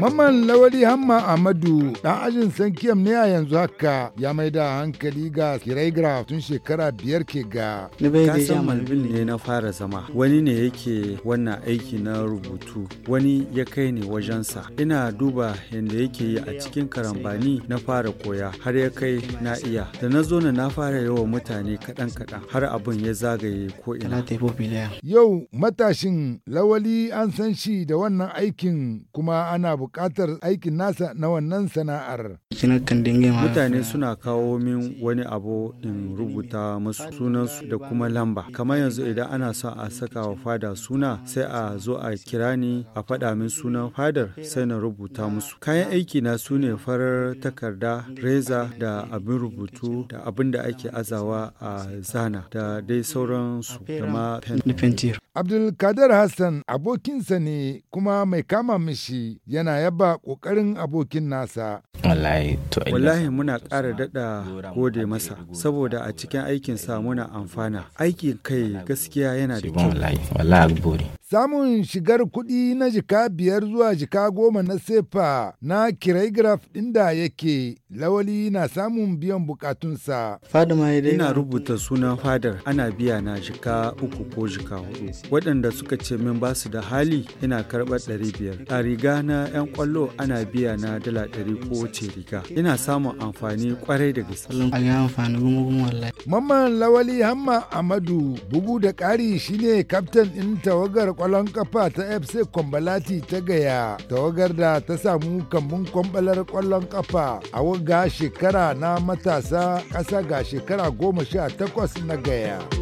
Mamman Lawali Hamma Ahmadu ɗan ajin San Sankiyam ne a yanzu haka ya mai da hankali ga Kiraigraf tun shekara biyar ke ga. Ni bai da Jamal ne na fara zama wani ne yake wannan aiki na rubutu wani ya kai ni wajensa ina duba yadda yake yi a cikin karambani na fara koya har ya kai na iya da na zo na fara yawa mutane kaɗan kaɗan har abin ya zagaye ko ina. Yau matashin Lawali an san shi da wannan aikin kuma ana buƙatar buƙatar aikin nasa na wannan sana'ar. mutane suna kawo min wani abu in rubuta masu sunansu da kuma lamba kamar yanzu idan ana son a saka wa fada suna sai a zo a kira ni a faɗa min sunan fadar sai na rubuta musu kayan aiki na su ne farar takarda reza da abin rubutu da abin da ake azawa a zana da dai sauransu da ma Abdulkadir Hassan abokinsa ne kuma mai kama mishi yana yaba ƙoƙarin abokin nasa wallahi muna ƙara daɗa gode masa saboda a cikin aikinsa muna amfana aikin kai gaskiya yana da kyau Samun shigar kuɗi na jika biyar zuwa jika goma na sefa na kiragraf inda yake lawali na samun biyan bukatunsa. Ina rubuta sunan fadar ana biya na jika uku ko jika hudu. Waɗanda suka ce min ba su da hali ina karɓar ɗari biyar. A riga na 'yan kwallo ana biya na dala ɗari ko wace riga. Ina samun amfani kwarai da gaske. Mamman lawali Hamma Amadu bugu da ƙari shine kaftan ɗin tawagar kwallon kafa ta FC Kwambalati ta gaya tawagar da ta samu kambun kwambalar kwallon kafa a waga shekara na matasa ƙasa ga shekara goma sha takwas na gaya.